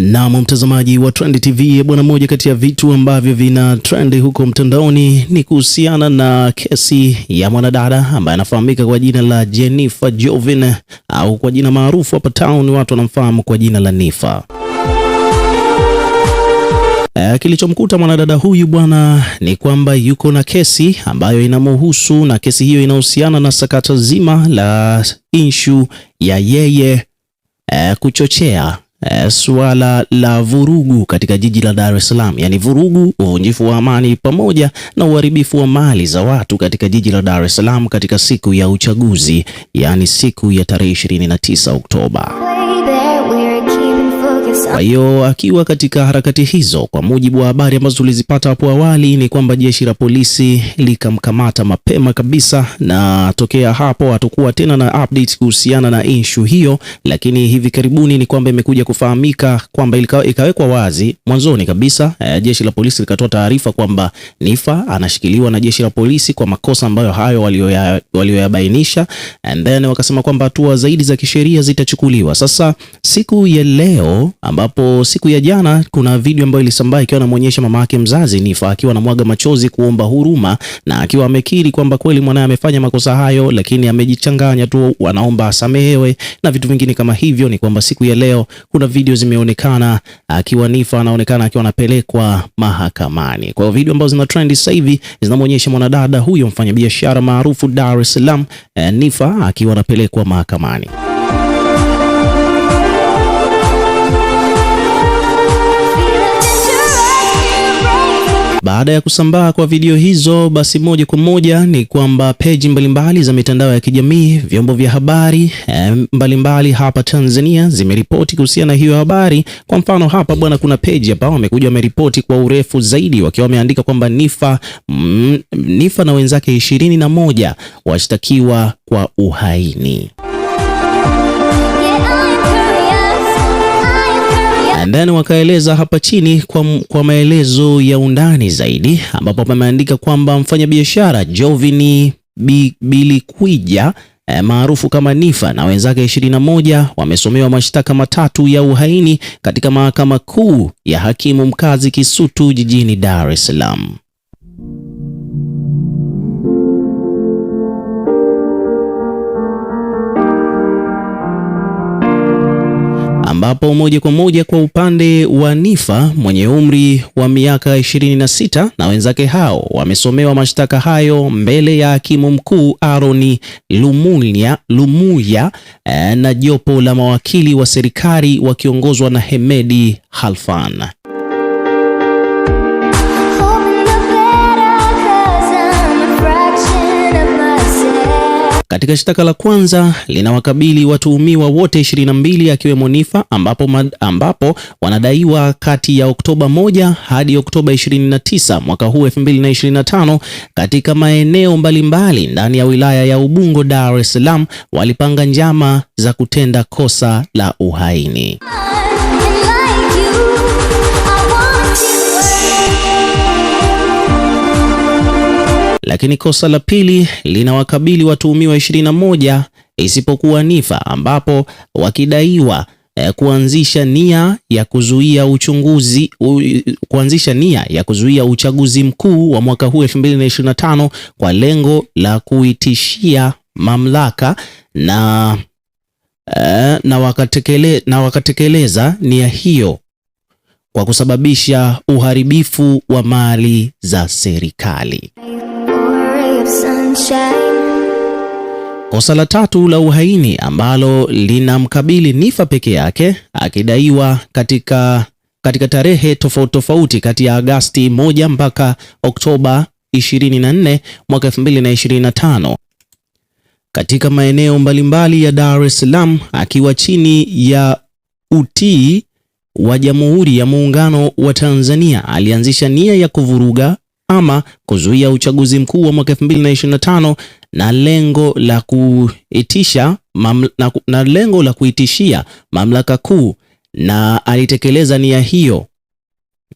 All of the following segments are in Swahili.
Naam, mtazamaji wa Trend TV bwana, moja kati ya vitu ambavyo vina trend huko mtandaoni ni kuhusiana na kesi ya mwanadada ambaye anafahamika kwa jina la Jennifer Jovin au kwa jina maarufu hapa town watu wanamfahamu kwa jina la Nifa. Eh, kilichomkuta mwanadada huyu bwana ni kwamba yuko na kesi ambayo inamuhusu, na kesi hiyo inahusiana na sakata zima la inshu ya yeye eh, kuchochea e, suala la vurugu katika jiji la Dar es Salaam, yaani vurugu, uvunjifu wa amani pamoja na uharibifu wa mali za watu katika jiji la Dar es Salaam katika siku ya uchaguzi, yaani siku ya tarehe 29 Oktoba. Kwa hiyo akiwa katika harakati hizo, kwa mujibu wa habari ambazo tulizipata hapo awali, ni kwamba jeshi la polisi likamkamata mapema kabisa, na tokea hapo hatukuwa tena na update kuhusiana na issue hiyo, lakini hivi karibuni ni kwamba imekuja kufahamika kwamba ikawekwa wazi mwanzoni kabisa, eh, jeshi la polisi likatoa taarifa kwamba Nifa anashikiliwa na jeshi la polisi kwa makosa ambayo hayo walioyabainisha and then wakasema kwamba hatua zaidi za kisheria zitachukuliwa. Sasa siku ya leo ambapo siku ya jana kuna video ambayo ilisambaa ikiwa anamwonyesha mama yake mzazi Nifa akiwa anamwaga machozi kuomba huruma na akiwa amekiri kwamba kweli mwanaye amefanya makosa hayo, lakini amejichanganya tu, anaomba asamehewe na vitu vingine kama hivyo. Ni kwamba siku ya leo kuna video zimeonekana akiwa Nifa anaonekana akiwa anapelekwa mahakamani. Kwa video ambazo zina trend sasa hivi zinamwonyesha mwanadada huyo mfanyabiashara maarufu Dar es Salaam, eh, Nifa akiwa anapelekwa mahakamani. Baada ya kusambaa kwa video hizo, basi moja kwa moja ni kwamba peji mbalimbali za mitandao ya kijamii, vyombo vya habari eh, mbalimbali mbali hapa Tanzania zimeripoti kuhusiana na hiyo habari. Kwa mfano hapa bwana, kuna peji hapa wamekuja wameripoti kwa urefu zaidi, wakiwa wameandika kwamba Nifa, mm, Nifa na wenzake ishirini na moja washtakiwa kwa uhaini. Ndani wakaeleza hapa chini kwa, kwa maelezo ya undani zaidi, ambapo pameandika kwamba mfanyabiashara Jovini Bilikwija eh, maarufu kama Nifa na wenzake 21 wamesomewa mashtaka matatu ya uhaini katika mahakama kuu ya hakimu mkazi Kisutu jijini Dar es Salaam. ambapo moja kwa moja kwa upande wa Nifa mwenye umri wa miaka 26 na wenzake hao wamesomewa mashtaka hayo mbele ya hakimu mkuu Aaron Lumuya, Lumuya eh, na jopo la mawakili wa serikali wakiongozwa na Hemedi Halfan. Katika shtaka la kwanza linawakabili watuhumiwa wote 22 akiwemo Nifa ambapo, ambapo wanadaiwa kati ya Oktoba 1 hadi Oktoba 29 mwaka huu 2025 katika maeneo mbalimbali ndani ya wilaya ya Ubungo, Dar es Salaam walipanga njama za kutenda kosa la uhaini. lakini kosa la pili linawakabili watuhumiwa 21 isipokuwa Nifa ambapo wakidaiwa eh, kuanzisha nia ya kuzuia uchunguzi u, kuanzisha nia ya kuzuia uchaguzi mkuu wa mwaka huu 2025 kwa lengo la kuitishia mamlaka na eh, na, wakatekele, na wakatekeleza nia hiyo kwa kusababisha uharibifu wa mali za serikali. Kosa la tatu la uhaini ambalo linamkabili nifa peke yake akidaiwa katika, katika tarehe tofauti tofauti kati ya Agasti 1 mpaka Oktoba 24 mwaka 2025 katika maeneo mbalimbali ya Dar es Salaam akiwa chini ya utii wa Jamhuri ya Muungano wa Tanzania alianzisha nia ya kuvuruga ama kuzuia uchaguzi mkuu wa mwaka 2025 na lengo la kuitisha na, na lengo la kuitishia mamlaka kuu na alitekeleza nia hiyo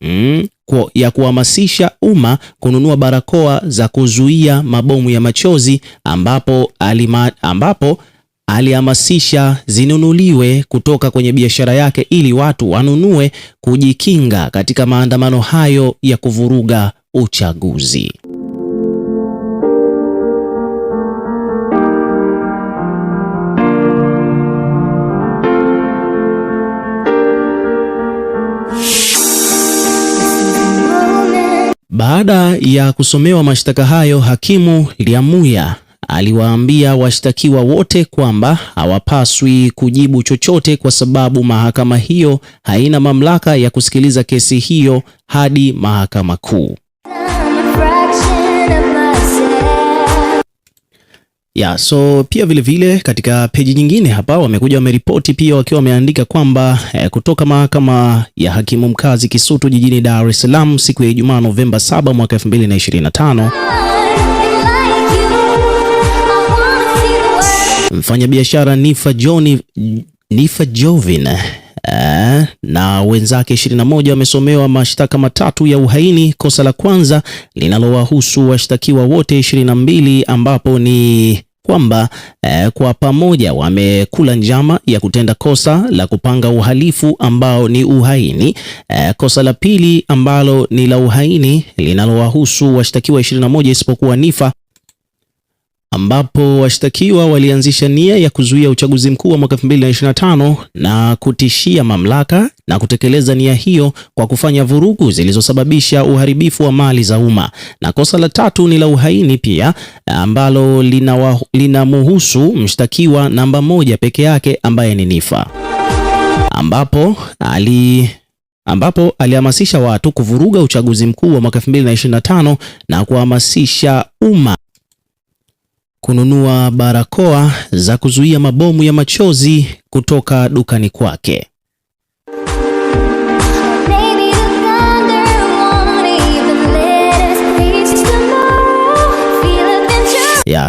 mm, ya kuhamasisha umma kununua barakoa za kuzuia mabomu ya machozi ambapo alima, ambapo alihamasisha zinunuliwe kutoka kwenye biashara yake ili watu wanunue kujikinga katika maandamano hayo ya kuvuruga uchaguzi. Baada ya kusomewa mashtaka hayo, hakimu Lyamuya aliwaambia washtakiwa wote kwamba hawapaswi kujibu chochote kwa sababu mahakama hiyo haina mamlaka ya kusikiliza kesi hiyo hadi mahakama kuu. Yeah, so pia vilevile vile, katika peji nyingine hapa wamekuja wameripoti pia wakiwa wameandika kwamba eh, kutoka mahakama ya hakimu mkazi Kisutu jijini Dar es Salaam siku ya Ijumaa Novemba 7 mwaka 2025 mfanyabiashara Nifa Joni Nifa Jovin eh, na wenzake 21 wamesomewa mashtaka matatu ya uhaini, kosa la kwanza linalowahusu washtakiwa wote 22 ambapo ni kwamba eh, kwa pamoja wamekula njama ya kutenda kosa la kupanga uhalifu ambao ni uhaini. Eh, kosa la pili ambalo ni la uhaini linalowahusu washtakiwa 21 isipokuwa Nifa ambapo washtakiwa walianzisha nia ya kuzuia uchaguzi mkuu wa mwaka 2025 na kutishia mamlaka na kutekeleza nia hiyo kwa kufanya vurugu zilizosababisha uharibifu wa mali za umma. Na kosa la tatu ni la uhaini pia ambalo linamuhusu lina mshtakiwa namba moja peke yake ambaye ni nifa ambapo ali ambapo alihamasisha watu kuvuruga uchaguzi mkuu wa mwaka 2025 na kuhamasisha umma kununua barakoa za kuzuia mabomu ya machozi kutoka dukani kwake.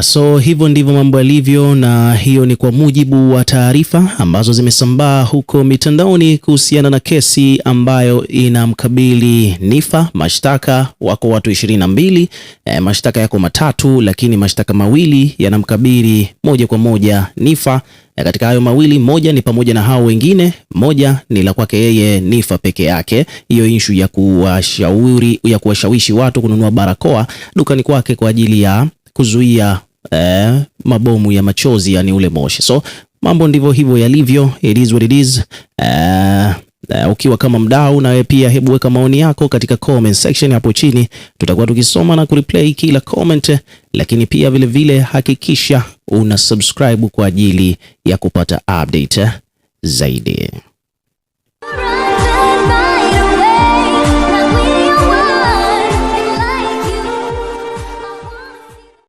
So hivyo ndivyo mambo yalivyo, na hiyo ni kwa mujibu wa taarifa ambazo zimesambaa huko mitandaoni kuhusiana na kesi ambayo inamkabili Nifa. Mashtaka wako watu 22, e, eh, mashtaka yako matatu, lakini mashtaka mawili yanamkabili moja kwa moja Nifa. Na eh, katika hayo mawili, moja ni pamoja na hao wengine, moja ni la kwake yeye Nifa peke yake, hiyo inshu ya kuwashauri ya kuwashawishi watu kununua barakoa dukani kwake kwa ajili ya kuzuia eh, mabomu ya machozi, yani ule moshi. So mambo ndivyo hivyo yalivyo, it is what it is. Eh, Uh, ukiwa kama mdau na wewe pia, hebu weka maoni yako katika comment section hapo chini, tutakuwa tukisoma na kureplay kila comment, lakini pia vile vile hakikisha una subscribe kwa ajili ya kupata update zaidi.